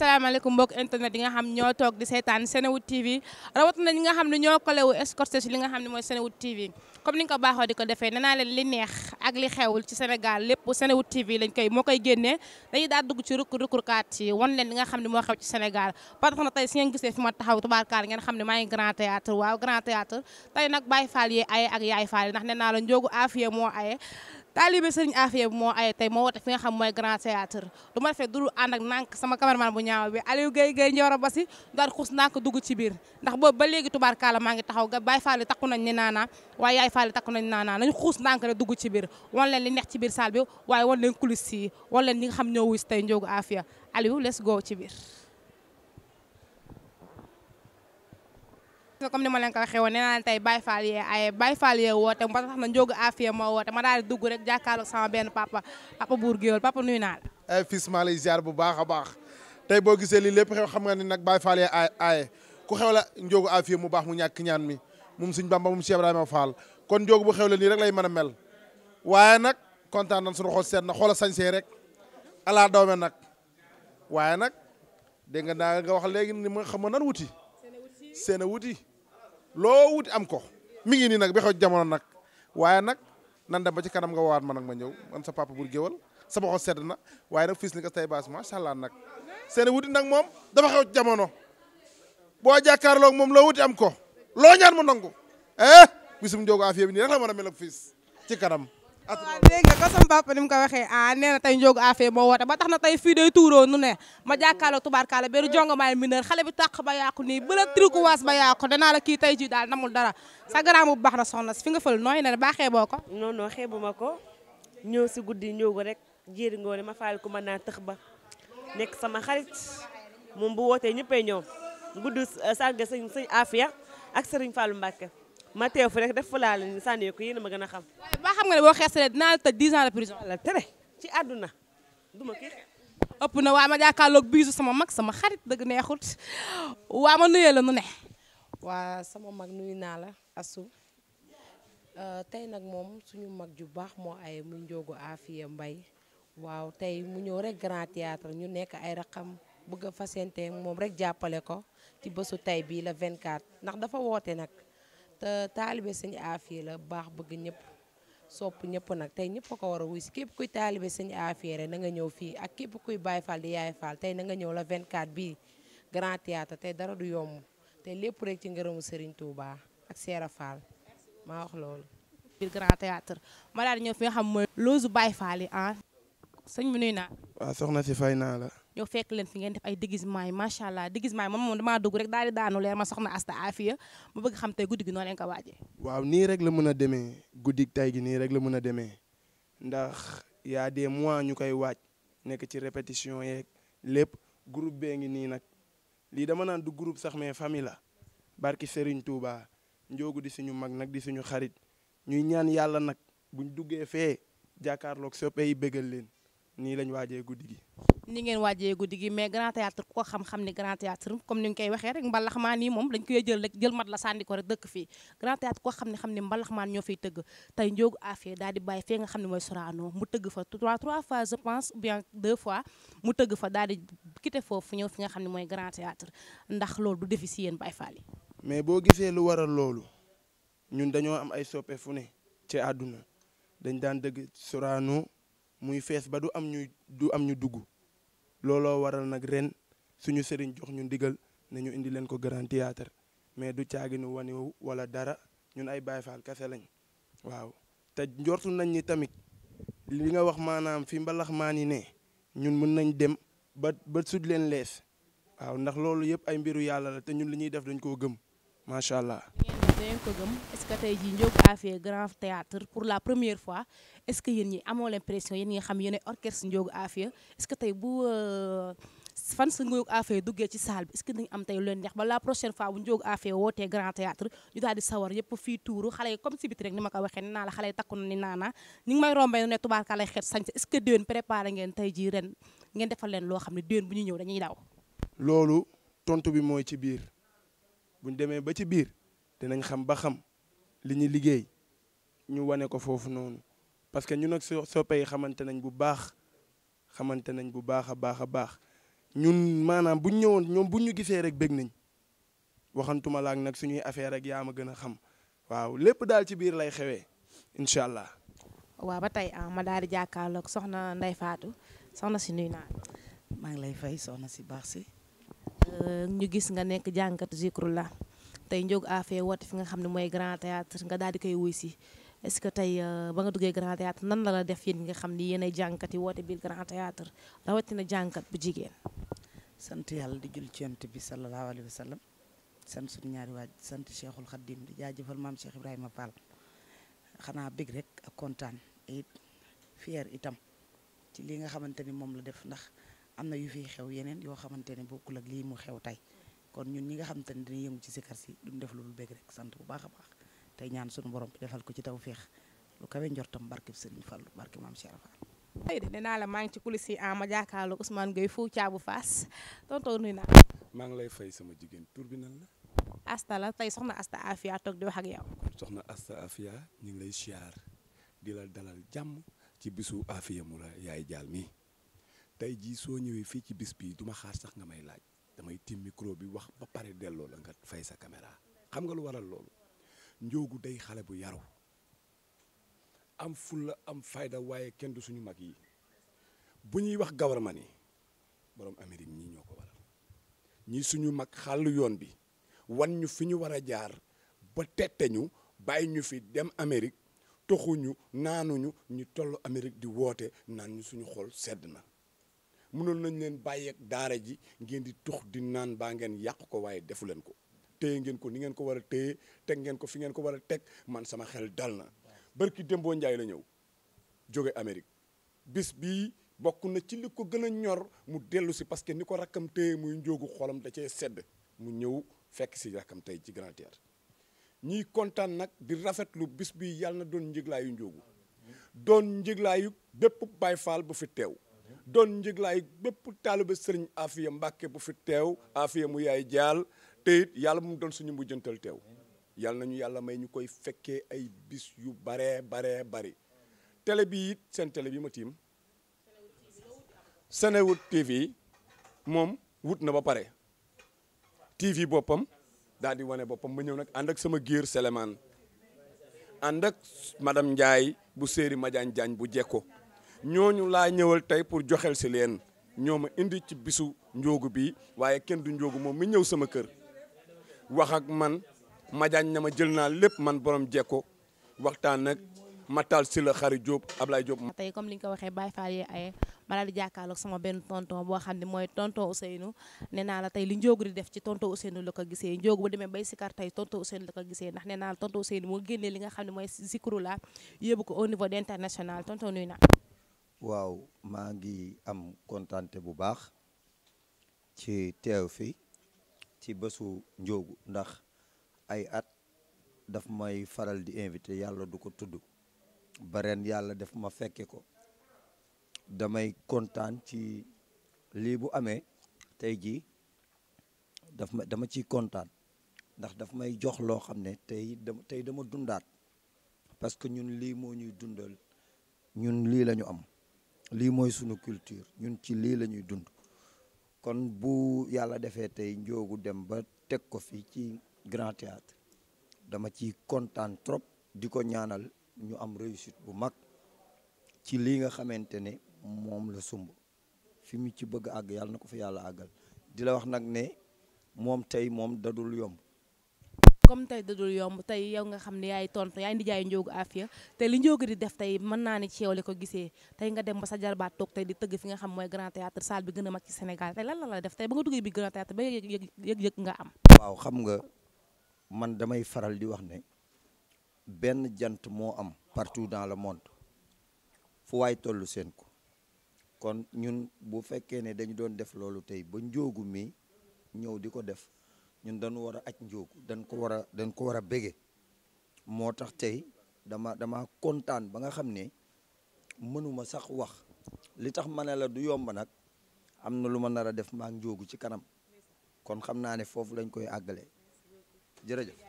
salaamaaleykum mbokk internet yi nga xam ñoo toog di seetaan Senewood TV rawatina ñi nga xam ne ñoo collé wu escorté si li nga xam ne mooy Senewood TV comme ni ko baaxoo di ko defee nee naa leen li neex ak li xewul ci Sénégal lépp Senewood TV lañ koy moo koy génnee dañuy daal dugg ci rukk rukkurkaat yi wan leen ni nga xam ne moo xew ci Sénégal parce que na tey si ngeen gisee fi ma taxaw tubaarkaar ngeen xam ne maa ngi grand théâtre waaw grand théâtre tey nag Baye Fall yee aye ak Yaay Fall yi naa la njoogu afiye moo taalibe Serigne Afia bi moo ay tey moo woote fi nga xam mooy grand théâtre du ma defee dul ànd ak nànk sama cameraman bu ñaaw bi Aliou Gueye Gueye Ndioro Bassi daal xus nànk dugg ci biir ndax boobu ba léegi tubaarkaala maa ngi taxaw ga Baay Faal takku nañ ni naanaa waaye yaay Faal takku nañ naanaa nañu xuus nànk rek dugg ci biir wan leen li neex ci biir salle bi waaye wan leen coulisse yi wan leen ñi nga xam ñoo wuy si tey Ndiogou Afia Aliou let's go ci biir comme ni ma leen ko waxee woon nee naa leen tey Baye Fall yee ay Baye Fall yee woote ba na Ndiogu Afia moo woote ma daal dugg rek jàkkaarloog sama benn papa papa Bour Gueweul papa nuyu naa la. ay eh, fils maa lay bu baax a baax tey boo gisee lii lépp xew xam nga ni nag Baye Fall yee ay ay ku xew la Ndiogu Afia mu baax mu ñàkk ñaan mi moom suñ Bamba moom Cheikh Ibrahima Fall kon Ndiogu bu xew la nii rek lay mën a mel waaye nag kontaan nañ suñu xol seet na xoola sañsee rek alaa doome nag waaye nag dégg nga naa nga wax léegi ni ma xam nan wuti seen loo wuti am ko mi ngi nii nag ba xaw jamono nag waaye nag nan dem ba ci kanam nga woowaat ma nag ma ñëw man sa papa bur géwal sama xol sedd na waaye nag fils ni ko tey baas macha allah nag seen wuti nag moom dafa xew jamono boo jàkkaarloog moom loo wuti am ko loo ñaan mu nangu eh bisum njoogu affaire bi nii rek la mën a mel ak ci kanam waaw dégg nga ko papa ni mu ko waxee ah nee na tey njóogu affaire moo woote ba tax na tey fii day tuuroo nu ne ma jàkkaarloo tubaarkaale beru jongamaay mineur xale bi tàq ba yàqu nii bëla trikuwaas ba yàqu danaa la kii tey ji daal namul dara sa bu bax na soxna si fi nga fël nooy ne baa xeeboo ko non non xeebuma ko ñëw si guddi njóogu rek jéeri ngoone ma faal ku mën naa tëx ba nekk sama xarit moom bu wootee ñëppee ñëw gudd euh, sarga sëñ sëñ Afia ak sëriñ Fallou Mbacke ma teew fi rek def fa laal ni sànni ko yéen ma gën a xam. waaye xam nga ne boo xeesalee dinaa la tëj 10 ans de la tere ci àdduna duma ëpp na waa ma jàkkaarloog biisu sama mag sama xarit dëgg neexut waa ma nuyee la nu ne. waa sama mag nuyu naa la asu euh, tey nag moom suñu mag ju baax moo ay muy njoogu Afia mbay waaw tey mu ñëw rek grand théâtre ñu nekk ay raqam bëgg a fasante moom rek jàppale ko ci bésu tey bii la vingt 24 ndax dafa woote nag. te taalibe sëñ Afia la baax bëgg ñëpp sopp ñëpp nag tey ñëpp a ko war a wuy si képp kuy taalibe sëñ Afia rek na ñëw fii ak képp kuy Baye Fall di Yaay Fall tey na nga ñëw la 24 bii Grand Théâtre tey dara du yomb tey lépp rek ci ngërëmu Serigne Touba ak Seera Fall maa wax loolu. biir Grand Théâtre ma ñëw fi xam mooy. loosu Baye Fall yi ah. sëñ bi nuyu naa. waaw soxna si fay naa la. ñoo fekk leen fi ngeen def ay déguisement yi macha allah déguisement yi moom moom damaa dugg rek daal di daanu leer ma soxna Asta Afia ma bëgg xam tey guddi gi noo leen ko waajee. waaw nii rek la mën a demee guddi tey gi nii rek la mën a demee ndax y a des mois ñu koy waaj nekk ci répétition yeeg lépp groupe bee ngi nii nag lii dama naan du groupe sax mais famille la barki Serigne Touba njoogu di suñu mag nag di suñu xarit ñuy ñaan yàlla nag buñ duggee fee jàkkaarloog soppe yi leen nii lañ waajee guddi gi. ni ngeen waajee guddi gi mais grand théâtre ku ko xam-xam ni grand théâtre comme ni nga koy waxee rek mbalaxmaan yi moom dañ koy jël rek jël mat la sànni ko rek dëkk fii grand théâtre ko xam ne xam ne mbalaxmaan ñoo fiy tëgg tey njoogu affaire daal di bàyyi fee nga xam ne mooy Sorano mu tëgg fa trois trois fois je pense bien deux fois mu tëgg fa daal di quitté foofu ñëw fi nga xam ne mooy grand théâtre ndax loolu du defi si yéen Baye Fall mais boo gisee lu waral loolu ñun dañoo am ay soppe fu ne ci àdduna dañ daan dëgg Sorano muy fees ba du am ñu du am ñu dugg looloo waral nag ren suñu sëriñ jox ñu ndigal nañu indi leen ko grand théâtre mais du caaginu wanewu wala dara ñun ay Baay Faal kese lañ waaw te njortu nañ ni tamit li nga wax maanaam fi mbalax maan yi ne ñun mën nañ dem ba ba sud leen lees waaw ndax loolu yëpp ay mbiru yàlla la te ñun li ñuy def dañ koo gëm macha allah. da ngeen jii Ndiogou Afia grand théâtre pour la première fois est-ce que yéen ñi amoo l'impression yéen ñi nga xam yéen ay orchestre Ndiogou Afia est-ce que tey bu euh, fan sa Ndiogou Afia duggee ci saal bi est-ce que dañu am tey lu leen neex ba la prochaine fois bu Ndiogou Afia wootee grand théâtre ñu daal di sawar yëpp fii tuuru xale yi comme si biti rek ni ma ko waxee naa la xale yi takku na ni naana ñu may rombee ne tubaarka lay xet sañse est-ce que déwén préparé ngeen tey jii ren ngeen defal leen loo ne déwén bu ñu ñëw dañuy daw loolu tontu bi mooy ci biir demee ba ci biir dinañ xam ba xam li ñu liggéey ñu wane ko foofu noonu parce que ñun ak soppe yi xamante nañ bu baax xamante nañ bu baax a baax a baax ñun maanaam buñ ñëwoon ñoom buñ ñu gisee rek bég nañ waxantuma laak nag ñuy affaire ak yaa ma gën a xam waaw lépp daal ci biir lay xewee incha allah. waaw ba tey ah, ma daal di jàkkaarloog soxna Ndeye faatu soxna si nuyu naa maa ngi lay fay soxna si baax si. Euh, ñu gis nga nekk jànkatu zikrullah tey Ndiogou Afé woote fi nga xam ne mooy grand théâtre nga daal di koy wuy si est-ce que tey euh, ba nga duggee grand théâtre nan la la def yéen nga xam ni yéen jànkati woote biir grand théâtre rawatina jànkat bu jigéen sant yàlla di jul ci bi sallallahu alayhi wa sallam sant suñu ñaari waaj sant cheikhul xaddim di jaajëfal maam cheikh ibrahima fall xanaa bég rek ak kontaan it fier itam ci li nga xamante ni moom la def ndax am na yu fi xew yeneen yoo xamante ne bokkul ak lii mu xew tey kon ñun ñi nga xam te ne dañuy yëngu ci sikar si duñ def loolu bëgg rek sant bu baax a baax te ñaan suñu borom bi defal ko ci feex lu kawe njortam barkeb Serigne Fallou barke maam Cheikh Fall. ay de nee la maa ngi ci kulisi ah ma jàkkaarloo Ousmane Gueye fu caabu Fass tonton nuyu naa. maa ngi lay fay sama jigéen tur bi nan la. Asta la tey soxna Asta Afia toog di wax ak yow. soxna Asta Afia ñu ngi lay siyaar di la dalal jàmm ci bisu Afia mu la yaay jaal mi tey jii soo ñëwee fii ci bis bii duma xaar sax nga may laaj. damay tim micro bi wax ba pare delloo la nga fay sa caméra xam nga lu waral loolu njoogu day xale bu yaru am fulla am fayda waaye kenn du suñu mag yi bu ñuy wax gawarman yi boroom Amérique ñii ñoo ko waral ñii suñu mag xàll yoon bi wan ñu fi ñu war a jaar ba tete ñu bàyyi ñu fi dem Amérique toxuñu naanuñu ñu toll amerique di woote naan ñu suñu xol sedd na mënoon nañ leen bàyyeek daara ji ngeen di tux di naan baa ngeen yàq ko waaye defu leen ko téye ngeen ko ni ngeen ko war a téye teg ngeen ko fi ngeen ko war a teg man sama xel dal na barki Dembo Njaay la ñëw jóge Amérique bis bi bokk na ci li ko gën a ñor mu dellu si parce que ni ko rakkam téye muy njóogu xolam da sedd mu ñëw fekk si rakkam tey ci Grand Théâtre ñiy kontaan nag di rafetlu bis bi yal na doon njëglaayu njóogu doon njëglaayu bépp Baay Faal bu fi teew doon njëglaay bépp taaliba sëriñ Afia Mbàkke bu fi teew Afia mu yaay jaal te yàlla mu doon suñu mujjantal teew yàlla nañu yàlla may ñu koy fekkee ay bis yu baree baree bari télé bi it seen télé bi ma tiim Senewood TV moom wut na ba pare TV boppam daal di wane boppam ma ñëw nag ànd ak sama géer Seleman ànd ak madame Ndiaye bu séeri Madiagne Diagne bu jekko ñooñu laa ñëwal tey pour joxel si leen ñoo ma indi ci bisu njóogu bi waaye kenn du njóogu moom mu ñëw sama kër wax ak man majaañ na ma jël naa lépp man borom jekko waxtaan nag Matal si la xari Diop Ablaye Diop. tey comme li nga ko waxee Baye Fall yee aye ma daal di jàkkaarloog sama benn tonton boo xam ne mooy tonton Ousseynou nee naa la tey li njóogu di def ci tonton Ousseynou la ko gisee njóogu bu demee bay sikar tey tonton Ousseynou la ko gisee ndax nee naa la tonton Ousseynou moo génnee li nga xam ne mooy Zikroullah ko au d' international tonton nuyu naa. waaw maa ngi am kontante bu baax ci teew fi ci bésu njóogu ndax ay at daf may faral di invité yàlla du ko tudd ba yàlla def ma fekke ko damay kontaan ci lii bu amee tey jii daf ma dama ciy kontaan ndax dafa may jox loo xam ne tey dama tey dama dundaat parce que ñun lii moo ñuy dundal ñun lii lañu am lii mooy sunu culture ñun ci lii lañuy dund kon bu yàlla defee tey njoogu dem ba teg ko fi ci grand théâtre dama ci kontaan trop di ko ñaanal ñu am réussite bu mag ci lii nga xamante ne moom la sumb fi mu ci bëgg àgg yàlla na ko fi yàlla àggal di la wax nag ne moom tey moom dadul yomb comme tey dadul yomb tey yow nga xam ne yaay tontu yaay ndijaay Ndiogou Afia te li Ndiogou di def tey mën naa ne ci yow la ko gisee tey nga dem ba sa jarbaat toog tey di tëgg fi nga xam mooy Grand Théâtre salle bi gën a mag lan la la def tey ba nga duggee bi Grand Théâtre ba yëg yëg nga am waaw xam nga man damay faral di wax ne benn jant moo am partout dans le monde fu waay toll seen ko kon ñun bu fekkee ne dañu doon def loolu tey ba Ndiogou mi ñëw di ko def ñun dañu war a aj njóogu dañ ko war a dañ ko war a bége moo tax tey dama dama kontaan ba nga xam ne mënuma sax wax li tax ma ne la du yomb nag am na lu ma nar a def mag ngi njóogu ci kanam kon xam naa ne foofu lañ koy àggale jërëjëf